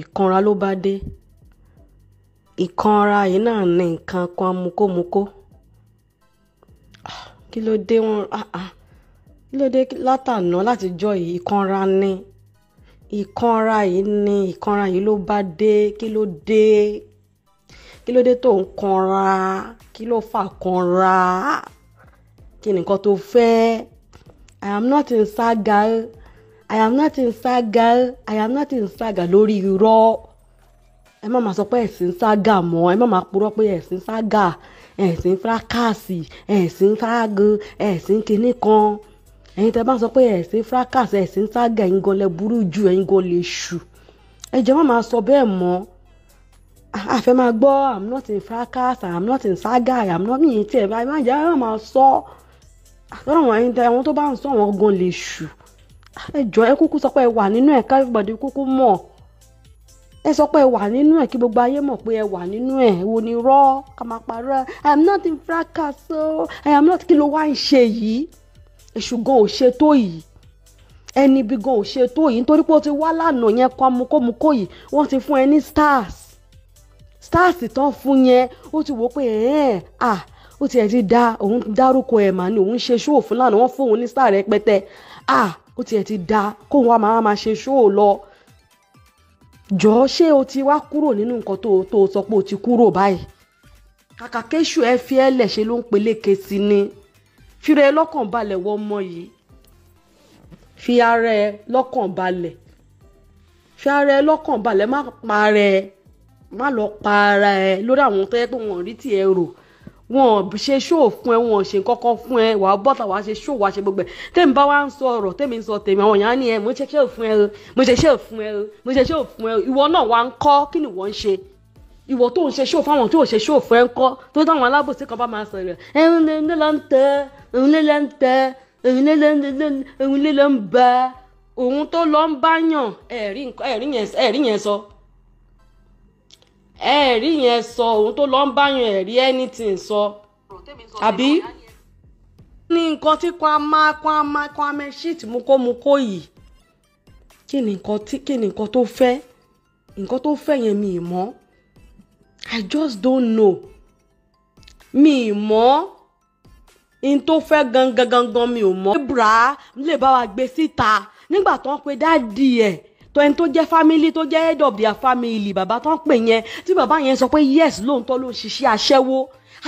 ìkanra ló bá dé ìkanra yìí náà ní nǹkan kan amukómukó ah, kí ló dé wọn ah, ah. kí ló dé látàná láti jọ yìí ìkanra ni ìkanra yìí ni ìkanra yìí ló bá dé kí ló dé kí ló dé tó ń kanra kí ló fà kanra kí nìkan tó fẹ́ I am not in saga. I am not in saga I am not in saga lórí irọ́ ẹ má máa sọ pé ẹ̀sìn saga mọ́ ẹ má máa purọ́ pé ẹ̀sìn saga ẹ̀sìn fracasi ẹ̀sìn saga ẹ̀sìn kinní kan ẹ̀yin tẹ́ bá sọ pé ẹ̀sìn fracasi ẹ̀sìn saga ẹ̀yin gan lẹ burú jù ẹ̀yin gan lè ṣù ẹ jẹ́ má máa sọ bẹ́ẹ̀ mọ́ àfẹ́ máa gbọ́ i'm not in fracas i'm not in saga i'm not mi ì tiẹ̀ báyìí má jẹ́ ẹ má máa sọ àtọ́nà àwọn ẹ̀yin tẹ́ àwọn tó bá ń sọ àwọn gan lè ṣù ẹjọ ẹ kúkú sọ pé ẹ wà nínú ẹ káyọ̀bọ̀dé kúkú mọ̀ ẹ sọ pé ẹ wà nínú ẹ kí gbogbo ayé mọ̀ pé ẹ wà nínú ẹ wo ni rọ́ ká máa parọ́ ẹ i am not in fracas o i am not kí ló wá ń ṣe yìí èṣù gan ò ṣe tó yìí ẹni ibi gan ò ṣe tó yìí nítorí pé ó ti wá lánàá yẹn kọ́ amukómukó yìí wọ́n ti fún ẹ ní stars stars tán fún yẹn ó ti wò pé ẹ̀ẹ́n à ó ti ẹ̀ ti da òun dárúkọ ẹ̀ mà ni òun ṣe ṣòfò lánàá wọ́n fún òun ní star rẹpẹtẹ à. Ah, ó tiẹ̀ ti da kó wa máa máa ṣe ṣóò lọ jọ ṣé o ti wá kúrò nínú nǹkan tó tó sọ pé o ti kúrò báyìí kàkà kéṣù ẹ fi ẹ lẹ̀ ṣe ló ń peléke sí ni fira ẹ lọ́kàn balẹ̀ wọ ọmọ yìí fi ara ẹ lọ́kàn balẹ̀ fi ara ẹ lọ́kàn balẹ̀ má pa ara ẹ má lọ pa ara ẹ lórí àwọn tó yẹ pé wọn rí tiẹ̀ rò wọn ṣe ṣóò fún ẹ wọn ṣe kọ́kọ́ fún ẹ wàá bọ́tà wàá ṣe ṣóò wàá ṣe gbogbo ẹ tẹ́mi bá wá ń sọ ọ̀rọ̀ tẹ́mi ń sọ tèmi àwọn èèyàn á ní ẹ mo ṣe ṣóò fún ẹ o mo ṣe ṣóò fún ẹ o mo ṣe ṣóò fún ẹ o ìwọ náà wàá ń kọ́ kí ni wọ́n ń ṣe ìwọ tó ń ṣe ṣóò fáwọn tó ń ṣe ṣóò fún ẹ ń kọ́ tó táwọn alábòsí kan bá máa sọ rẹ̀ ẹ̀ ń lé lọ́ ń tẹ́ ń lé lọ́ ń tẹ́ ń lé lọ́ ń bá òun tó lọ ń bá yàn ẹ̀rí yẹn sọ ẹ̀rí yẹn sọ òun tó lọ ń báyọ̀ ẹ̀rí anything sọ àbí ní nǹkan tí Kwama Kwama Kwame shit mú kó mú kó yìí kí ni nǹkan tí kí ni nǹkan tó fẹ́ nǹkan tó fẹ́ yẹn mi ì I just don't know mi ì mọ̀ n tó fẹ́ gangan gangan mi ò mọ̀. ibra lè bá wa gbé síta nígbà tó ń pe dáàdi ẹ̀ tó ẹni tó jẹ́ family tó jẹ́ head of their family bàbá tó ń pè yẹn tí bàbá yẹn sọ pé yes lóòótọ́ ló ń ṣiṣẹ́ aṣẹ́wó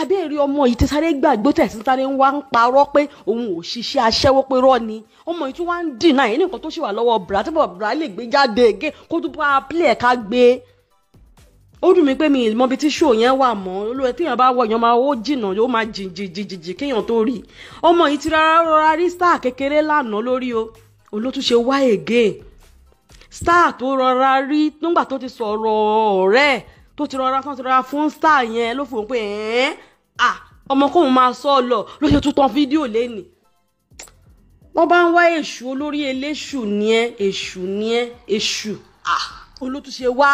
abẹ́rẹ́ ọmọ yìí ti sáré gbàgbé tẹ̀sí sáré ń wá ń parọ́ pé òun ò ṣiṣẹ́ aṣẹ́wó pé rọ́ ni ọmọ yìí tún wá ń dìnnà yìí nìkan tó ṣì wà lọ́wọ́ bra tí bàbá bra lè gbé jáde gé kó tó bá plẹ̀ ká gbé ó dùn mí pé mi ìmọ̀ bíi tí ṣó yẹn wà mọ́ olóyè téèyàn bá wọ èèyàn máa ó jìnnà yóò máa jìnjìnjìnjì kéèyàn tó rí ọmọ yìí ti rárá rọra rí sáà kékeré lánàá lórí o olótúnṣe wá ègé star tó rọra rí nígbà tó ti sọ̀rọ̀ ọ̀rẹ́ tó ti rọra tó ti rọra fún star yẹn ló fòun pé ẹ́ẹ́ à ọmọ kóun máa sọ ọ lọ ló ṣe tún tan fídíò lẹ́nìí wọ́n bá ń wá èṣù olórí eléṣù ni ẹ́ èṣù ni ẹ́ èṣù olótúnṣe wá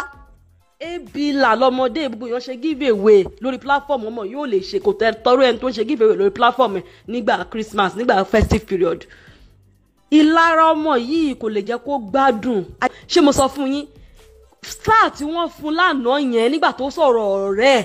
ebila lọmọdé gbogbo èèyàn ṣe give away lórí platform ọmọ yóò lè ṣe kò tọrọ ẹni tó ń ṣe give away lórí platform nígbà Christmas nígbà festive period ìlara ọmọ yìí kò lè jẹ́ kó gbádùn ṣé mo sọ fún yín star tí wọ́n fún lánàá yẹn nígbà tó sọ̀rọ̀ ọ̀rẹ́ ẹ̀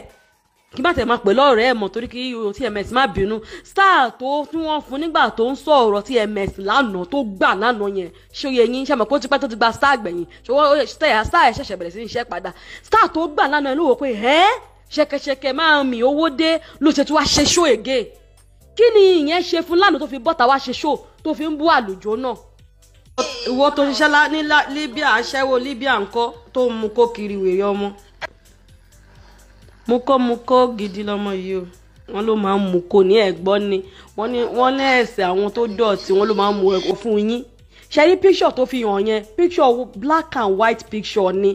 kí má tẹ̀ máa pè lọ́rẹ́ ẹ̀ mọ̀ torí kí o TMS má bínú star tó tí wọ́n fún nígbà tó ń sọ̀rọ̀ TMS lánàá tó gbà lánàá yẹn ṣó yẹ yín ṣàmọ̀ pé ó ti pẹ́ tó ti gba star gbẹ̀yìn ṣó star ẹ̀ ṣẹ̀ṣẹ̀ bẹ̀rẹ̀ sí ní iṣẹ́ padà star tó gbà lánàá ló wò pé ẹ́ ṣẹ̀kẹ̀ṣẹ̀kẹ̀ máa mì owó dé ló ṣe tí wàá ṣe ṣó ègé kí ni ìyẹn ṣe fún lánàá tó fi bọ́ta wá ṣe ṣó tó fi ń bú àlùjọ náà. ìwọ tó ṣiṣẹ́ ní Libya aṣẹ́wó Libya ńkọ́ tó ń mu kó kiri wèrè ọmọ. mu kó mu kó gidi lọmọ yìí o wọ́n ló máa ń mu kó ní ẹ̀gbọ́n ni wọ́n ní wọ́n ní ẹ̀sẹ̀ àwọn tó dọ̀tí wọ́n ló máa ń mu ẹ̀kọ́ fún yín. ṣe rí píṣọ̀ tó fi hàn yẹn píṣọ̀ black and white píṣọ̀ ni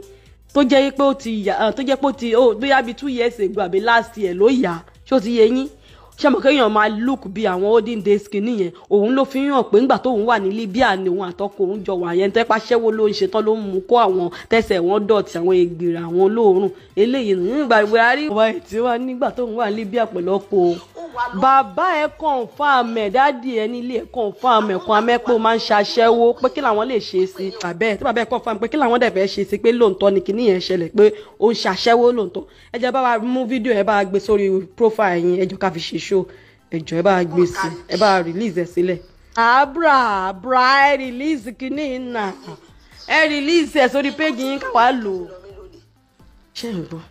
tó jẹ́ pé ó ti yà tó jẹ́ pé ó ti ó bóyá bíi two years ago àbí last year ló yà ṣó ti yẹ yín ṣé mo kéèyàn máa look bí àwọn olden days kìíní yẹn òun ló fi hàn pé ńgbà tóun wà ní Libya ni òun àtọkọ òun jọ wà yẹn tẹ́pá ṣẹ́wó ló ń ṣetán ló ń mú kó àwọn tẹ́sẹ̀ wọn dọ̀tí àwọn ègbèrè àwọn olóòórùn eléyìí nígbà Buhari wà tí wà nígbà tóun wà ní Libya pẹ̀lú ọkọ bàbá ẹ confirm ẹ dáàdì ẹ nílé ẹ confirm ẹ kan amẹ́pọ̀ máa ń ṣaṣẹ́wó pé kí làwọn lè ṣe sí àbẹ́ tí bàbá ẹ confirm pé kí làwọn dẹ̀ ṣe sí pé lóòótọ́ ni kinní yẹn ṣẹlẹ̀ pé ó ń ṣaṣẹ́wó lóòótọ́ ẹ jẹ́ bá wa mú fídíò ẹ bá gbé sórí profile yín ẹ jọ ká fi ṣe show ẹjọ ẹ bá oh, gbé sí ẹ bá release ẹ sílẹ̀. abra abra ẹ release kìíní nà ẹ release ẹ sórí péjì yín káwá lò. ṣé ń gbọ́.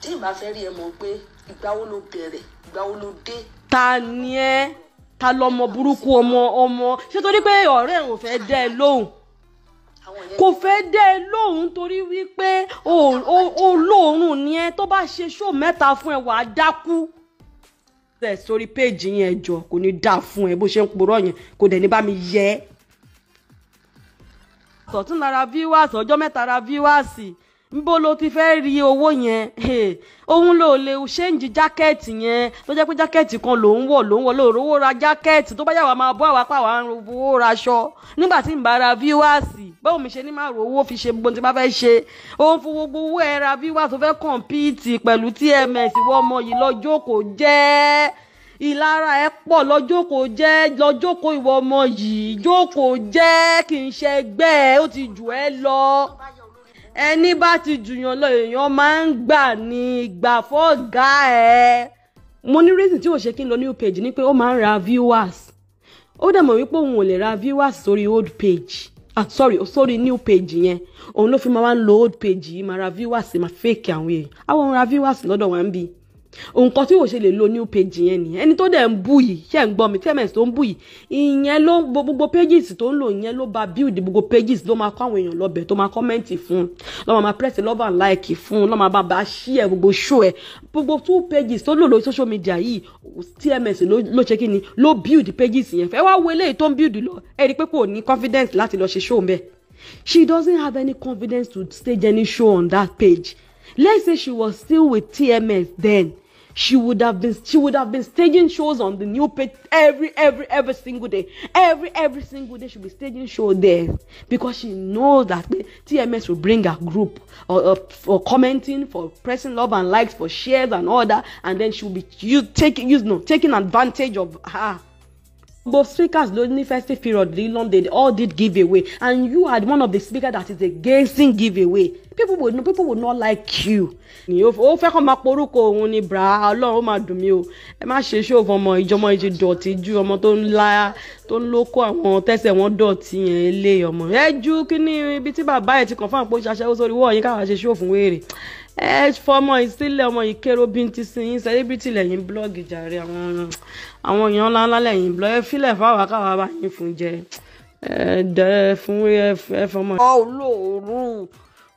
tí ìbá fẹ́ rí ẹ mọ̀ pé ìgbà wo ló bẹ̀rẹ̀ ìgbà wo ló dé. ta ni ẹ ta lọmọ burúkú ọmọ ọmọ ṣé torí pé ọ̀rẹ́ ò fẹ́ dẹ́ ẹ lóhùn kò fẹ́ dẹ́ ẹ lóhùn torí wípé olóòórùn ni ẹ tó bá ṣe ṣó mẹ́ta fún ẹ wàá dákú ẹ̀ sórí péèjì yẹn jọ kò ní dáa fún ẹ bó ṣe ń purọ́ yẹn kò dẹ̀ ní bá mi yẹ ẹ́. sọ̀tún lára viewers ọjọ́ mẹ́ta ra viewers nbo lo ti fẹ́ rí owó yẹn òun ló lè ṣéǹjì jákẹ́ẹ̀tì yẹn tó jẹ́ pé jákẹ́ẹ̀tì kan ló ń wọ̀ ló ń wọ̀ ló rówó ra jákẹ́ẹ̀tì tó bá yàwá máa bọ́ àwa pa àwa ń rówó ra aṣọ nígbà tí n bá ra fíwáàsì báwo mi ṣe ní máa rówó fi ṣe gbogbo tí n bá fẹ́ ṣe òun fún gbogbo owó ẹ ra fíwáàsì tó fẹ́ kọ̀ǹpìtì pẹ̀lú tms wọ́n ọmọ yìí lọ́jọ́ kò jẹ́ ìlara ẹ pọ̀ lọ́jọ́ kò jẹ́ ìwọ ọmọ yìí jókòó jẹ́ kì í ṣe ẹgbẹ́ ó ti jù ẹ lọ. ẹni bá ti jùyàn lọ èèyàn máa ń gbà ní ìgbà fọ́gà ẹ̀. mo ní reason tí ò ṣe kí n lọ new page ni pé ó máa ń ra viewers ó dẹ̀ mọ̀ wípé òun ò lè ra viewers sórí old page ah sorry new page yẹn òun ló fi máa ń lo old page yìí máa ra viewers máa fake àwọn èèyàn àwọn òun ra viewers lọ́dọ̀ wọn bí nǹkan tí wò ṣe lè lo new page yẹn nìyẹn ẹni tó dẹ̀ ń bù yìí ṣe ń gbọ́ mi tms tó ń bù yìí ìyẹn ló gbogbo pages tó ń lò ìyẹn ló bá build gbogbo pages ló máa kọ́ àwọn èèyàn lọ́bẹ̀ tó máa kọ́mẹ́ǹtì fún ló máa press love and like fún ló máa bá bá ṣí ẹ̀ gbogbo show ẹ̀ gbogbo two pages tó lò lórí social media yìí tms ló ṣe kí ni ló build pages yẹn fẹ́ wá wo eléyìí tó ń build lọ ẹ̀ rí pé kò ní confidence láti lọ ṣe show mbẹ́ she doesn't have any confidence to stage any show on that page let's say she was still with tms then she would have been she would have been staging shows on the new page every every every single day every every single day she be staging show there because she knows that tms will bring a group or, uh, or uh, for commenting for pressing love and likes for shares and all that and then she'll be you taking you know taking advantage of her both speakers during the festive period in London, they all did give away, and you are one of the speakers that is against away. People would know. people would not like you. ó fẹ́ kọ́ máa porúkọ òun ni bra ọlọ́run máa dùn mí o ẹ má ṣe ṣòfò ọmọ ìjọmọ ìjì dọ̀tí ju ọmọ tó ń la tó ń lóko àwọn tẹ́sẹ̀ wọn dọ̀tí yẹn lé ọmọ ẹ ju kí ni ibi tí bàbá ẹ ti kàn fún àpò ìṣàṣẹ́wó sórí wọ́ọ̀yìn káwa ṣe ṣòfò wéèrè ẹ fọmọ yìí sílẹ̀ ọmọ yìí kéré obìnrin ti sin yín sẹ́lẹ́bìtì lẹ́yìn blọ́ọ̀gì jàre àwọn àwọn èèyàn ńláńlá lẹ́yìn blọ́ọ̀gì ẹ fílẹ̀ fáwọn káwọn bá yín fún jẹ ẹ dẹ fún ẹ fọmọ. olóòórùn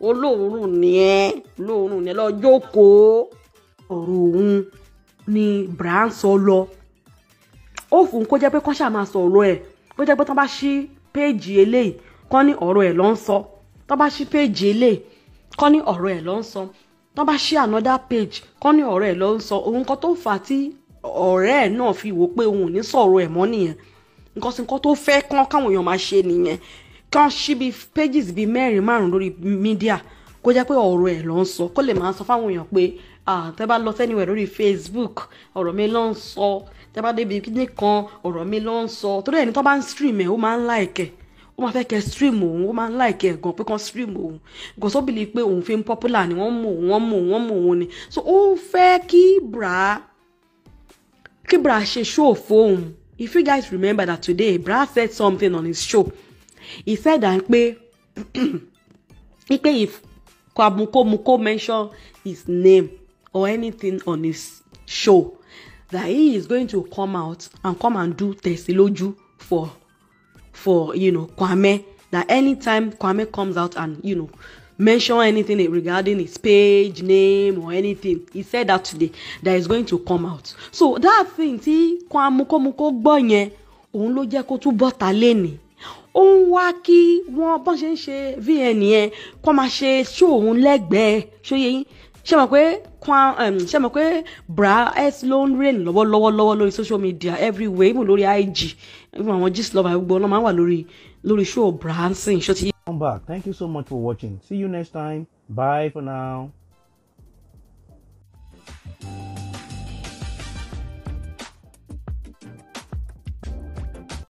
olóòórùn ni ẹ olóòórùn ni ẹ lọ jókòó ọ̀rọ̀ òun ni bra ń sọ lọ ó fún kó jẹ́ pé kọ́ ṣáà máa sọ ọ̀rọ̀ ẹ̀ kó jẹ́ pé tán bá ṣí péèjì eléyìí kọ́ ní ọ̀rọ̀ ẹ̀ ló ń sọ tán bá ṣí péèjì eléyìí kọ́ ní ọ̀rọ̀ ẹ̀ ló ń sọ tó bá ṣí another page kọ́ ní ọ̀rẹ́ ẹ̀ lọ ń sọ òun kan tó fà á tí ọ̀rẹ́ ẹ̀ náà fi wò pé òun ò ní sọ̀rọ̀ ẹ̀ mọ́ nìyẹn nǹkan sí nǹkan tó fẹ́ kán káwọn èèyàn máa ṣe nìyẹn kán ṣí pages bíi mẹ́rin márùn lórí mídíà kó jẹ́ pé ọ̀rọ̀ ẹ̀ ló ń sọ kó lè máa sọ fáwọn èèyàn pé tẹ́ bá lọ sẹ́niwẹ̀ lórí Facebook ọ̀rọ̀ mi ló ń sọ tẹ́ bá débi kíní kan ọ̀rọ̀ mi ló ń sọ torí ẹni tó bá ń stream ẹ̀ ó máa ń like ó máa fẹ́ kẹ́ stream òun ó máa ń láìkẹ́ ẹ̀gàn pé kàn stream òun nǹkan tó bìlí pé òun fi ń popular ni wọ́n mọ̀ wọ́n mọ̀ wọ́n mọ̀ òun ni so ó fẹ́ kí bra kí bra ṣe show fóun if you guys remember that today bra said something on his show he said that pé pé if kwamukomuko mention his name or anything on his show that he is going to come out and come and do tẹ̀sílójú for for you know Kwame that anytime Kwame comes out and you know mention anything regarding his page name or anything he said that today that is going to come out so that thing tí kwamukomuko gbọ́ yẹn òun ló jẹ́ kó tún bọ́ta lẹ́nìí ó ń wá kí wọ́n bọ́n ṣe ń ṣe vn yẹn kó máa ṣe ṣóòun lẹ́gbẹ̀ẹ́ ṣóyeyín ṣé mọ̀ pé ṣé mọ̀ pé bra s ló ń rìn lọ́wọ́lọ́wọ́ lọ́wọ́ lórí social media everywhere even lórí ig even àwọn gist lover gbogbo ọ̀nà máa ń wà lórí lórí show bra hansen ṣó ti. come back thank you so much for watching see you next time bye for now.